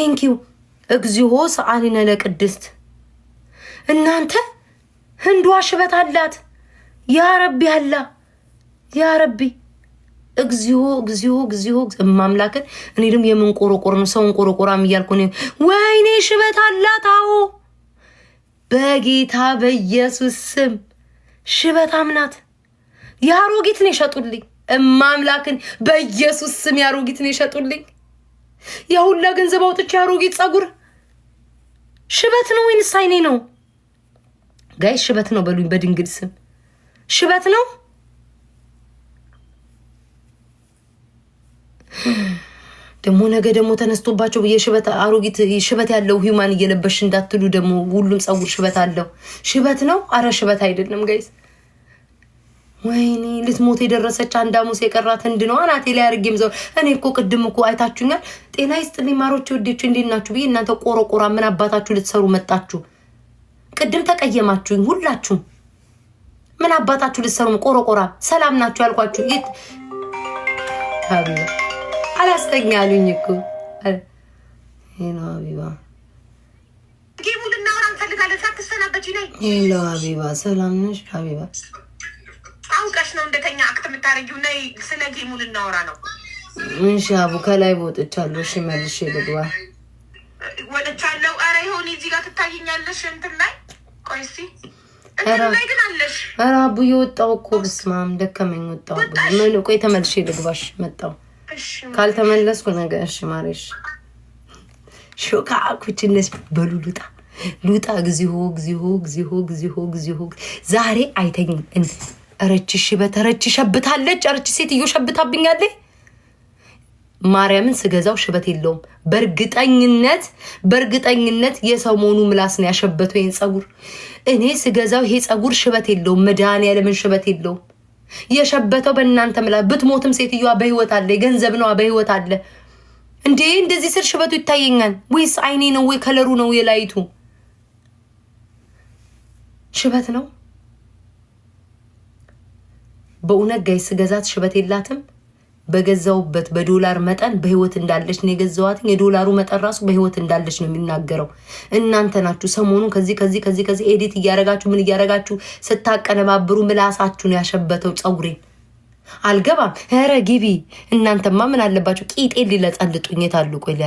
ቴንኪው እግዚኦ ሰአሊነ ለቅድስት። እናንተ ህንዷ ሽበት አላት። ያ ረቢ አላ ያ ረቢ እግዚኦ እግዚኦ እግዚኦ ማምላክን እኔ ደግሞ የምንቆረቆር ነው ሰውን ቆረቆራም እያልኩ ወይኔ ሽበት አላት። አዎ በጌታ በኢየሱስ ስም ሽበታም ናት። የአሮጊትን የሸጡልኝ እማምላክን በኢየሱስ ስም ያሮጊትን የሸጡልኝ ያሁላ ገንዘብ አውጥቼ አሮጌ ጸጉር ሽበት ነው ወይንስ አይኔ ነው? ጋይ ሽበት ነው በሉኝ፣ በድንግል ስም ሽበት ነው። ደግሞ ነገ ደግሞ ተነስቶባቸው የሽበት አሮጊት ሽበት ያለው ሂውማን እየለበሽ እንዳትሉ ደግሞ ሁሉም ጸጉር ሽበት አለው። ሽበት ነው። አረ ሽበት አይደለም ጋይስ። ወይኔ ልትሞት የደረሰች አንድ ሐሙስ የቀራት እንድ ነው አናቴ ላይ አድርጌም ዘው እኔ እኮ ቅድም እኮ አይታችሁኛል። ጤና ይስጥልኝ ማሮቼ ወዴች እንዴት ናችሁ ብዬ እናንተ ቆረቆራ ምን አባታችሁ ልትሰሩ መጣችሁ? ቅድም ተቀየማችሁኝ ሁላችሁም። ምን አባታችሁ ልትሰሩ ቆረቆራ። ሰላም ናችሁ ያልኳችሁ ጌት አላስተኛ አሉኝ እኮ አቢባ ጌሙን እናወራ እንፈልጋለን። ሳትሰናበች ሄሎ አቢባ ሰላም ነሽ አቢባ እንደተኛ አክት የምታረጊው ነይ፣ ስለ ጌሙ እናወራ ነው። እንሺ አቡ ከላይ ወጥቻለሁ። እሺ መልሼ ልግባ ወጥቻለሁ። አረ ይሁን እዚህ ጋር ትታየኛለሽ እንትን ላይ ቆይ እስኪ ኧረ አቡ የወጣው እኮ በስመ አብ ደከመኝ። ወጣው ምን ቆይ ተመልሼ ልግባሽ መጣው ካልተመለስኩ ነገ እሺ ማሬሽ ሾካ አኩችነስ በሉ ልውጣ ልውጣ። እግዚኦ እግዚኦ እግዚኦ እግዚኦ እግዚኦ ዛሬ አይተኝም። ረችሽ በተረች ሸብታለች። ረች ሴትዮ ሸብታብኛለች። ማርያምን ስገዛው ሽበት የለውም። በእርግጠኝነት በእርግጠኝነት የሰሞኑ ምላስ ነው ያሸበተው ይህን ፀጉር። እኔ ስገዛው ይሄ ፀጉር ሽበት የለውም። መድኃኒዓለምን ሽበት የለውም። የሸበተው በእናንተ ምላስ። ብትሞትም ሴትዮዋ በህይወት አለ። የገንዘብ ነዋ በህይወት አለ። እንዴ እንደዚህ ስር ሽበቱ ይታየኛል ወይስ አይኔ ነው ወይ ከለሩ ነው የላይቱ ሽበት ነው? በእውነት ጋይ ስገዛት ሽበት የላትም። በገዛውበት በዶላር መጠን በህይወት እንዳለች ነው የገዛዋት። የዶላሩ መጠን ራሱ በህይወት እንዳለች ነው የሚናገረው። እናንተ ናችሁ ሰሞኑን ከዚህ ከዚህ ከዚህ ከዚህ ኤዲት እያረጋችሁ ምን እያረጋችሁ ስታቀነባብሩ ምላሳችሁን ያሸበተው ፀጉሬን አልገባም። ኧረ ግቢ እናንተማ ምን አለባቸው? ቂጤ ሊለጸልጡኝ የታሉ? ቆይ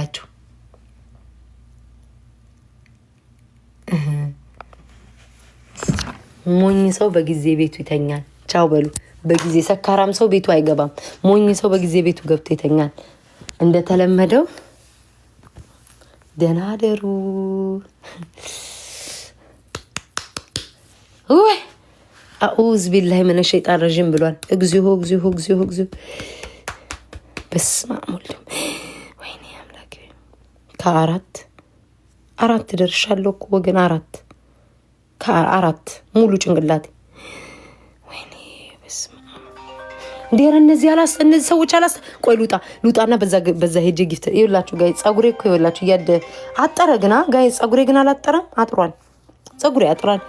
ሞኝ ሰው በጊዜ ቤቱ ይተኛል። ቻው በሉ በጊዜ። ሰካራም ሰው ቤቱ አይገባም። ሞኝ ሰው በጊዜ ቤቱ ገብቶ ይተኛል። እንደተለመደው ደህና አደሩ። ወይ አኡዝ ቢላሂ መነ ሸይጣን ረዥም ብሏል። እግዚኦ እግዚኦ እግዚኦ እግዚኦ። በስመ አብ ወልድ ወይኔ አምላክ። ከአራት አራት ደርሻለሁ እኮ ወገን አራት ከአራት ሙሉ ጭንቅላቴ እንዴ! ኧረ እነዚህ አላስ እነዚህ ሰዎች አላስ ቆይ ሉጣ ሉጣና በዛ በዛ ሄጄ ጊፍት ይኸውላችሁ ጋይ ጸጉሬ እኮ ይኸውላችሁ እያደ አጠረ ግና ጋይ ጸጉሬ ግን አላጠረም። አጥሯል፣ ጸጉሬ አጥሯል።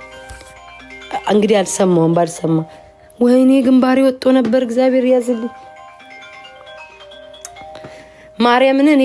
እንግዲህ አልሰማውም ባልሰማ ወይኔ ግንባሬ ወጥቶ ነበር። እግዚአብሔር ያዝልኝ ማርያምን እኔ